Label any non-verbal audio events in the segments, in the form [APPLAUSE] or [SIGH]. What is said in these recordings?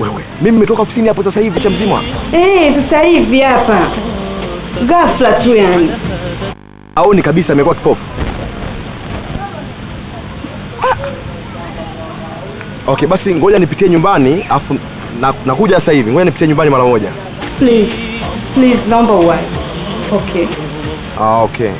Wewe, mimi metoka ofisini hapo sasa hivi cha mzima. Eh, sasa hivi hapa. Ghafla tu yani. Aoni kabisa amekuwa kipofu. Okay, basi ngoja nipitie nyumbani afu nakuja na sasa hivi. Ngoja nipitie nyumbani mara moja. Please. Please, naomba Okay. Ah, okay.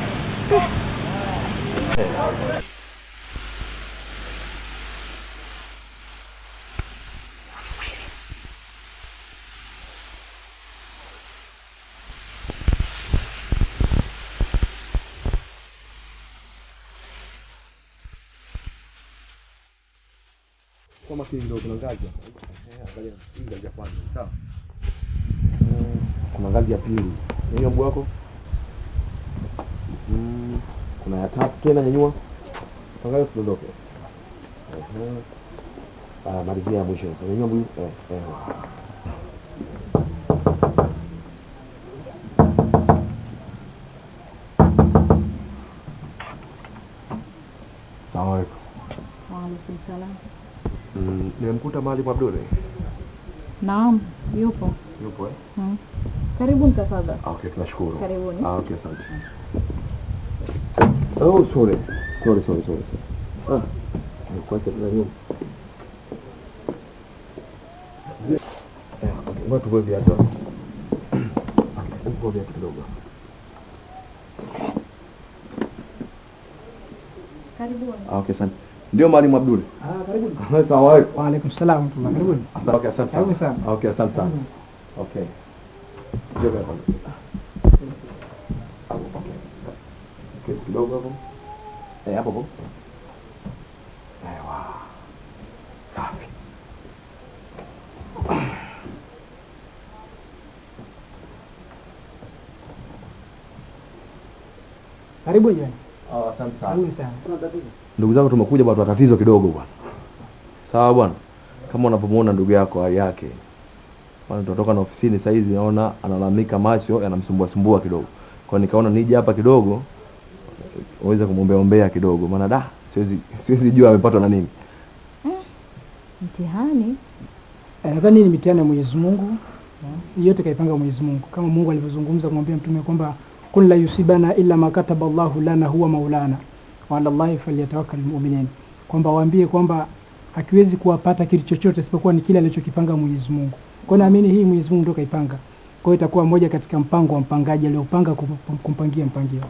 kama kile ndio kuna ngazi hapa. angalia hii ngazi ya kwanza, sawa? Kuna ngazi ya pili. Hiyo mguu wako? Mm, kuna ya tatu tena nyanyua. Angalia usidondoke. Eh. Ah, malizia ya mwisho. Nyanyua mguu. Eh, eh. Mwalimu Abdul? Eh? Naam, yupo. Yupo eh? Mm. Karibuni tafadhali. Ah, okay, tunashukuru. Karibuni. Ah, okay, asante. Oh, sorry. Sorry, sorry, sorry. Ah. Nikuacha bila nini? Eh, ngoja tuvoe viatu. Tuvoe viatu kidogo. Karibuni. Ah, okay, asante. Ndio Mwalimu Abdul. Ah, karibuni. Assalamu alaykum. Wa alaykum salaam wa rahmatullah. Karibuni. Ah, asante sana. Karibuni sana. Okay, asante sana. Okay. Njoo hapa. Okay, kidogo hapo. Eh, hapo hapo. Aiwa. Eh, Safi. Karibu sana sana. Ndugu zangu tumekuja bwana, tuna tatizo kidogo bwana. Sawa bwana, kama unapomuona ndugu yako hali yake bwana, tunatoka na ofisini saa hizi, naona analalamika, macho yanamsumbua sumbua kidogo, kwa nikaona nije hapa kidogo uweze kumwombea ombea kidogo, maana da siwezi siwezi jua amepatwa na nini hmm. mtihani. Eh, Nadhani ni mitihani ya Mwenyezi Mungu, yote kaipanga Mwenyezi Mungu, kama Mungu alivyozungumza kumwambia mtume kwamba kun la yusibana illa ma kataba Allahu lana huwa maulana wa ala Allahi falyatawakkal almu'minun, kwamba waambie kwamba hakiwezi kuwapata kitu chochote isipokuwa ni kile alichokipanga Mwenyezi Mungu. Kwa naamini hii Mwenyezi Mungu ndio kaipanga, kwa hiyo itakuwa moja katika mpango wa mpangaji aliopanga kumpangia mpangia.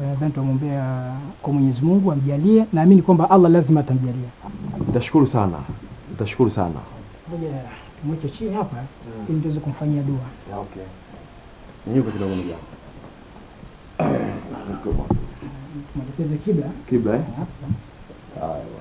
Nadhani tumwombea kwa Mwenyezi Mungu amjalie, naamini kwamba Allah lazima atamjalia. Nitashukuru sana, nitashukuru sana. Tumweke chini hapa ili tuweze kumfanyia dua. Okay. kidogo mjambo. mkubwa. Mwelekeze kibla. Kibla. Eh? Haya.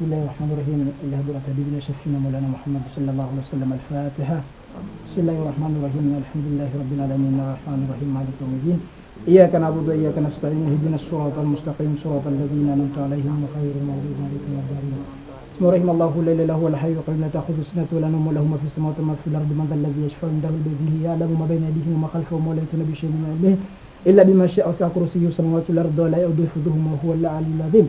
بسم الله الرحمن الرحيم الله بركة ديننا شفينا مولانا محمد صلى الله عليه وسلم الفاتحة بسم الله الرحمن الرحيم الحمد لله رب العالمين الرحمن الرحيم مالك يوم الدين إياك نعبد وإياك نستعين اهدنا الصراط المستقيم صراط الذين أنعمت عليهم غير المغضوب عليهم ولا الضالين اسم رحم الله لا ليل هو الحي القيوم لا تأخذ سنة ولا نوم له ما في السماوات وما في الأرض من ذا الذي يشفع عنده بإذنه يعلم ما بين أيديهم وما خلفهم ولا يحيطون بشيء من علمه إلا بما شاء وسع كرسيه السماوات والأرض ولا يؤوده حفظهما وهو العلي العظيم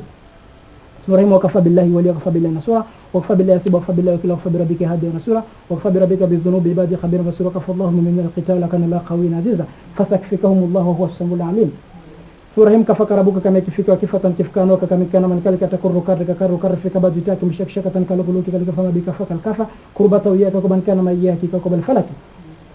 إبراهيم وكفى بالله ولي وكفى بالله نصيرا وكفى بالله حسيبا وكفى بالله وكيلا وكفى بربك هادي نصيرا وكفى بربك بالذنوب عبادي خبيرا بصيرا كفى الله من القتال وكان الله قوي عزيزا فاستكفكهم الله وهو السميع العليم فورهم كفى كربك كما يكفيك وكفى وكفة كفكانوك كما كان من كلك تكر كرك كر كر في كرفك بدتاك مشكشكة كالقلوك كلك فما بك فك الكفى كربة وياك ومن كان ما إياك كوكب الفلك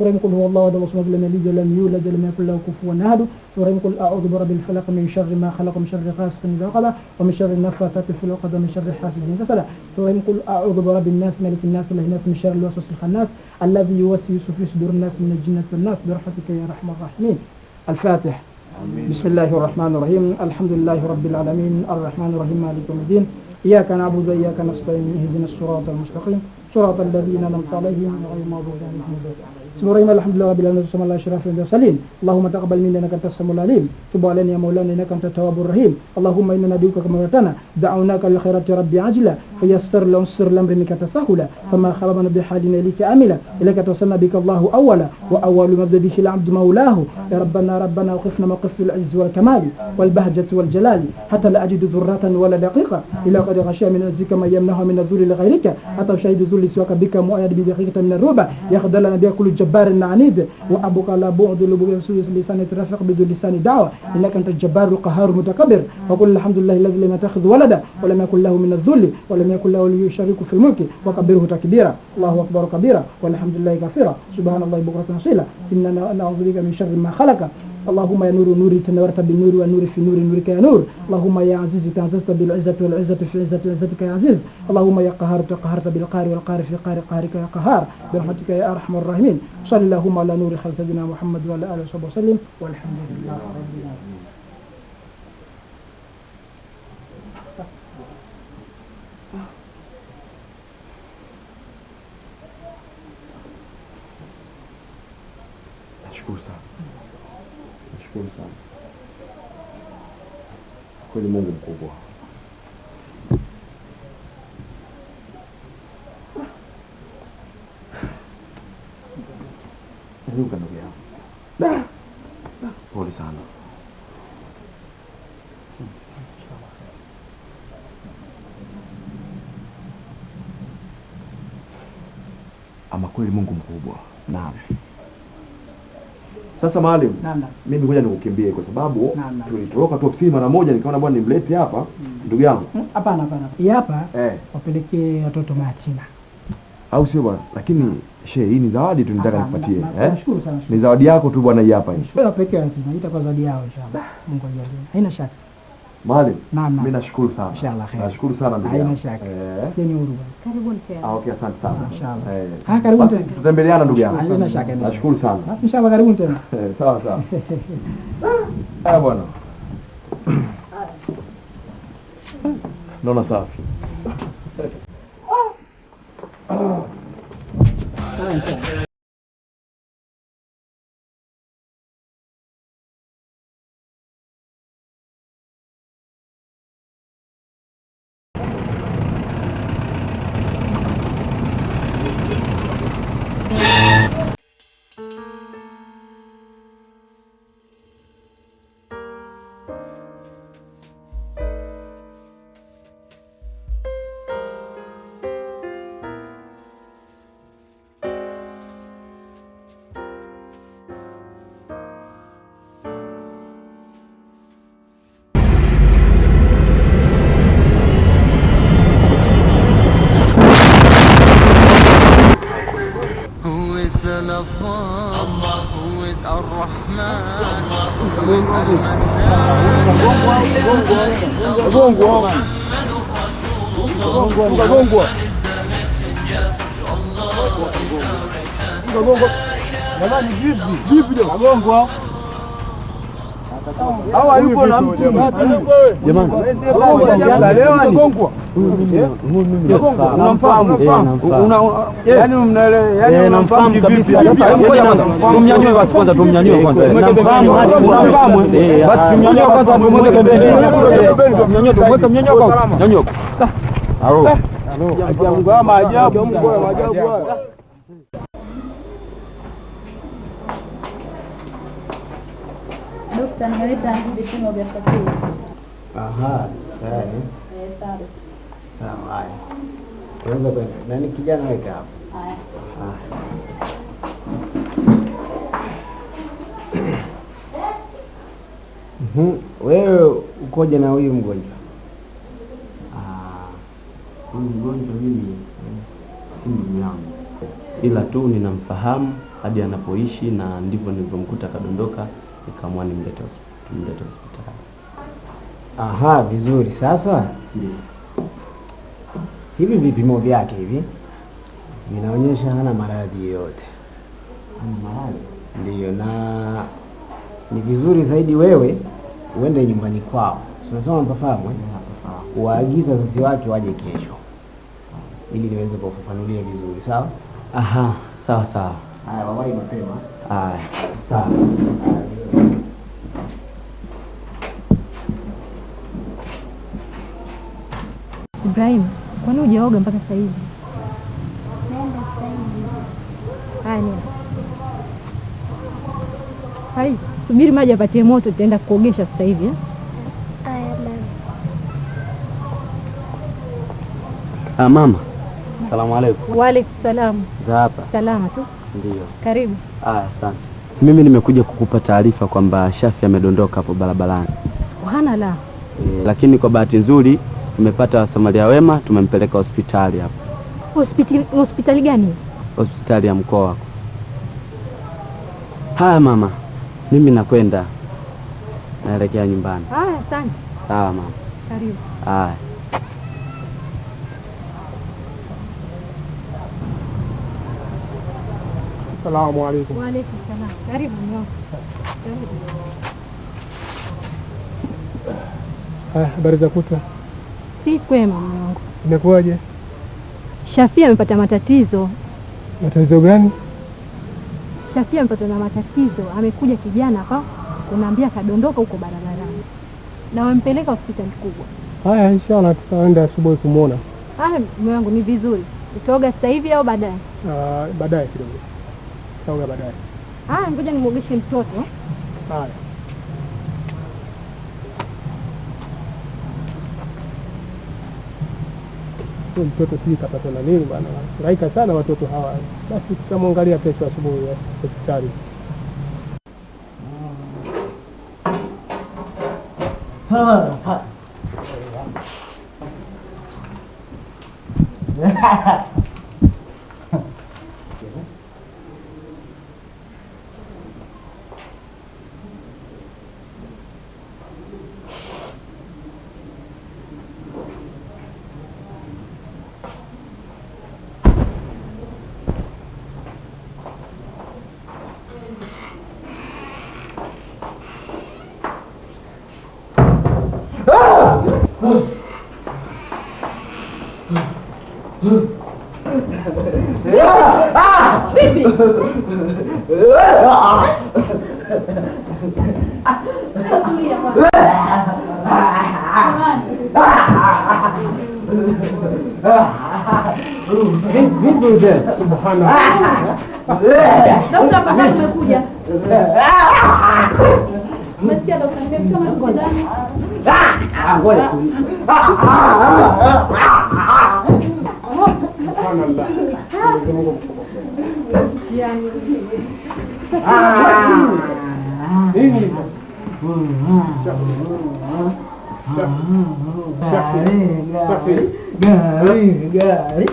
وريم قل هو الله أحد الله لم يلد ولم يولد لم يكن له كفوا أحد وريم قل أعوذ برب الفلق من شر ما خلق من شر غاسق إذا وقب ومن شر النفاثات في العقد ومن شر حاسد إذا حسد وريم قل أعوذ برب الناس ملك الناس إله الناس من شر الوسوس الخناس الذي يوسوس في صدور الناس من الجنة والناس برحمتك يا أرحم الراحمين الفاتح بسم الله الرحمن الرحيم الحمد لله رب العالمين الرحمن الرحيم مالك يوم الدين إياك نعبد وإياك نستعين اهدنا الصراط المستقيم صراط الذين أنعمت عليهم غير المغضوب عليهم سمو الحمد لله رب العالمين وصلى الله عليه وسلم اللهم تقبل منا انك انت السميع العليم تب علينا يا مولانا انك انت التواب الرحيم اللهم انا ندعوك كما وعدتنا دعوناك للخيرات يا ربي عاجله فيسر لنا سر الامر بامرك تسهلا فما خربنا بحالنا اليك املا اليك توصلنا بك الله اولا واول ما بدا به العبد مولاه يا ربنا ربنا وقفنا موقف العز والكمال والبهجه والجلال حتى لا اجد ذره ولا دقيقه الا قد غشى من عزك ما يمنعها من الذل لغيرك حتى اشهد ذل سواك بك مؤيد بدقيقه من الربا يخذلنا بها كل جبار العنيد وأبوك على بعد لسان ترفق بدون لسان دعوة إنك أنت الجبار القهار المتكبر وقل الحمد لله الذي لم يتخذ ولدا ولم يكن له من الذل ولم يكن له ولي يشارك في الملك وكبره تكبيرا الله أكبر كبيرا والحمد لله كثيرا سبحان الله بكرة أصيلا إننا نعوذ بك من شر ما خلق اللهم يا نور نوري تنورت بالنور والنور في نور نورك يا نور اللهم يا عزيز تعززت بالعزة والعزة في عزة عزتك يا عزيز اللهم يا قهار تقهرت بالقار والقار في قار قهرك يا قهار برحمتك يا أرحم الراحمين صل اللهم على نور خلص سيدنا محمد وعلى آله وصحبه وسلم والحمد لله رب العالمين Nashukuru sana kweli, Mungu mkubwa. Nuka ndugu yangu, pole sana. Ama kweli Mungu mkubwa. Naam. Sasa maalim, mimi ngoja nikukimbie kwa sababu tulitoroka tu ofisi mara moja, nikaona bwana nimlete hapa hmm. ndugu yangu. Hmm, hapana, hapana, hapa eh. wapelekee watoto maachina, au sio bwana? Lakini shehe, hii ni zawadi tu, nitaka ah, nikupatie. Eh? Nashukuru sana, ni zawadi yako tu bwana, hii hapa Wapelekee maachina, itakuwa zawadi yao inshallah. Mungu ajalie, haina shaka. معلم نعم نعم مimi nashukuru sana. Inshallah khair. Nashukuru sana ndugu. Haina shaka. Teni huruma. Karibuni tena. Ah okay, asante sana. Inshallah. Eh. Ha karibuni tena. Tutembeleana ndugu yangu. Haina shaka. Nashukuru sana. Basi inshallah karibuni tena. Sawa sawa. Ah bwana. Naona safi. Ah. Ah. Bongo. Bongo. Bongo. Bongo. Jamani, vipi? Vipi jamani? Bongo. Hawa yupo na mtu. Jamani. Bongo. Bongo. namfahamu kabisa. Tumnyanyue basi kwanza, tumnyanyue kwanza, namfahamu namfahamu, basi tumnyanyue kwanza, tumweke pembeni, tumnyanyue tumweke, mnyanyue kwanza, nyanyue. Hao maajabu maajabu maajabu haya Dokta, nimeleta hivi vipimo vya usafiri. Aha, tayari. Eh, sawa. Sawa, haya. Unaweza kwenda. Nani kijana weka hapo? [CLEARS THROAT] Wewe ukoje na huyu mgonjwa? Ah, huyu mgonjwa mimi si ndugu yangu, ila tu ninamfahamu hadi anapoishi, na ndivyo nilivyomkuta akadondoka, nikaamua nimlete hospitali. Aha, vizuri. Sasa yeah. Hivi vipimo vyake hivi vinaonyesha hana maradhi yoyote. Maradhi ndiyo, na ni vizuri zaidi wewe uende nyumbani kwao, tunasema mpafahamu, eh? waagiza wazazi wake waje kesho, ili niweze kufafanulia vizuri. Sawa? Aha, sawa sawa. Haya, wawahi mapema. Haya, sawa. Ibrahim Kwani hujaoga mpaka sasa hivi? Naenda sasa hivi. Hai, subiri maji apatie moto, tutaenda kuogesha sasa hivi. Eh? Ah, mama. Salamu alaikum. Wa alaikum salamu. Za hapa. Salama tu. Ndio. Karibu. Ah, asante. Mimi nimekuja kukupa taarifa kwamba Shafi amedondoka hapo barabarani. Subhanallah. E, lakini kwa bahati nzuri Tumepata wasamaria wema, tumempeleka hospitali hapa. Hospitali, hospitali gani? Hospitali ya mkoa wako. Haya mama, mimi nakwenda, naelekea nyumbani. Haya, asante. Sawa mama, karibu. Haya. Asalamu alaykum. Wa alaykum salaam. Karibu mwanangu. Karibu. Eh, habari za kutwa? Si kwema mume wangu. Imekuwaje? Shafia amepata matatizo. Matatizo gani? Shafia amepata na matatizo, amekuja kijana hapa kunaambia kadondoka huko barabarani na wempeleka hospitali kubwa. Haya, inshallah tutaenda asubuhi kumwona. Haya mume wangu, ni vizuri utaoga sasa hivi au baadaye? Uh, baadaye kidogo, taoga baadaye. Haya, ngoja nimwogeshe mtoto. Haya. mtoto sijui k a p a t a na nini bwana, wanafurahika sana watoto hawa. Basi tutamwangalia kesho asubuhi hospitali. sawa. Dokta mpaka nimekuja. Umesikia dokta, nimefika mara mjadani. Ngoja tu. Subhanallah. Yang ah, ini. Gali, gali, gali, gali.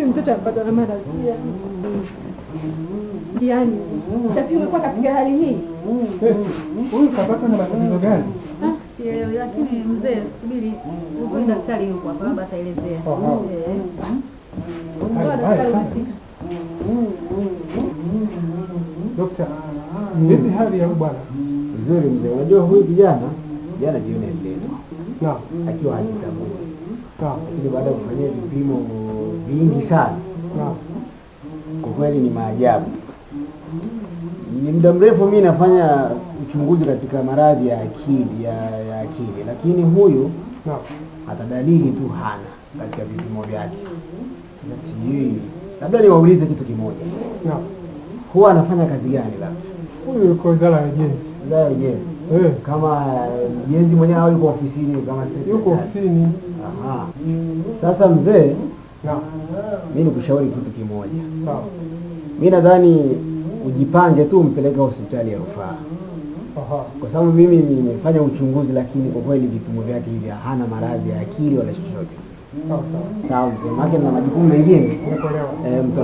Mtoto anapata umekuwa katika hali hii? Huyu kapata na matatizo gani? sielewi, lakini mzee, subiri daktari yuko hapa, labda ataelezea. Eh. Dokta, vipi hali ya bwana? Vizuri mzee. Unajua huyu kijana jana jioni aliletwa akiwa hajitambua, lakini baada ya kufanyia vipimo vingi sana, kwa kweli ni maajabu ni muda mrefu mi nafanya uchunguzi katika maradhi ya akili ya, ya akili, lakini huyu hata dalili tu hana katika vipimo vyake. Sijui, labda niwaulize kitu kimoja huwa anafanya kazi gani? Labda huyu yuko idara ya ujenzi, idara ya ujenzi eh. kama eh, jezi mwenyewe au yuko ofisini? Kama yuko ofisini. Aha, sasa mzee mi nikushauri kitu kimoja mi nadhani ujipange tu umpeleke hospitali ya rufaa kwa sababu mimi nimefanya uchunguzi, lakini kwa kweli vipimo vyake hivi hana maradhi ya akili wala chochote. Sawa, msemaake na majukumu mengine eh, mtu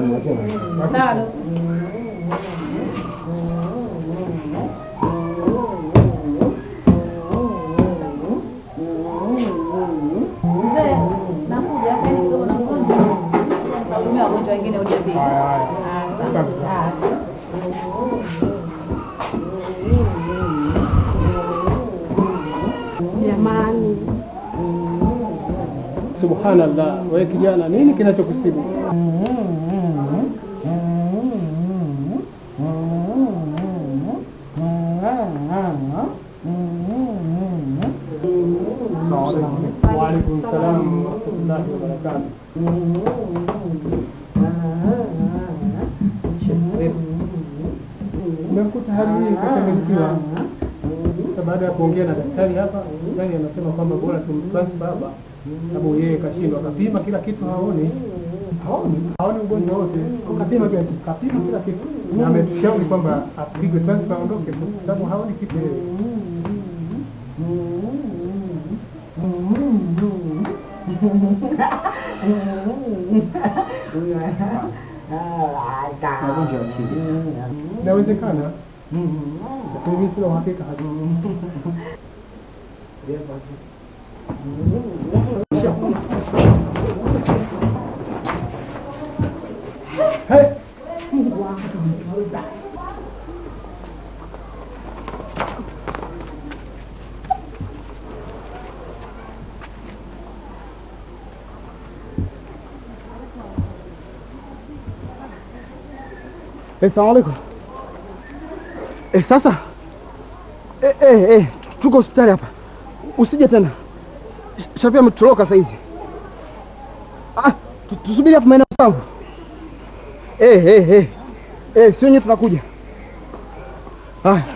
subhanallah, wewe kijana, nini kinachokusibu? Nimekuta hali kuchanganyikiwa baada ya kuongea na daktari hapa. Daktari anasema kwamba bora tumpasi baba sababu yeye kashindwa, kapima kila kitu, haoni haoni haoni ugonjwa wote, kapima kila kitu, kapima kila kitu, na ametushauri kwamba apigwe transfer aondoke, sababu haoni kitu yeye. magonjwa akili inawezekana, lakini mimi sina uhakika hasa. Eh, alaikum. Eh, sasa eh, eh, eh, tuko hospitali hapa, usije tena. Shafia ametutoroka saizi. Ah, tusubiri hapo maeneo sawa. Eh, eh, eh. Eh, sio nyewe tunakuja. Ah.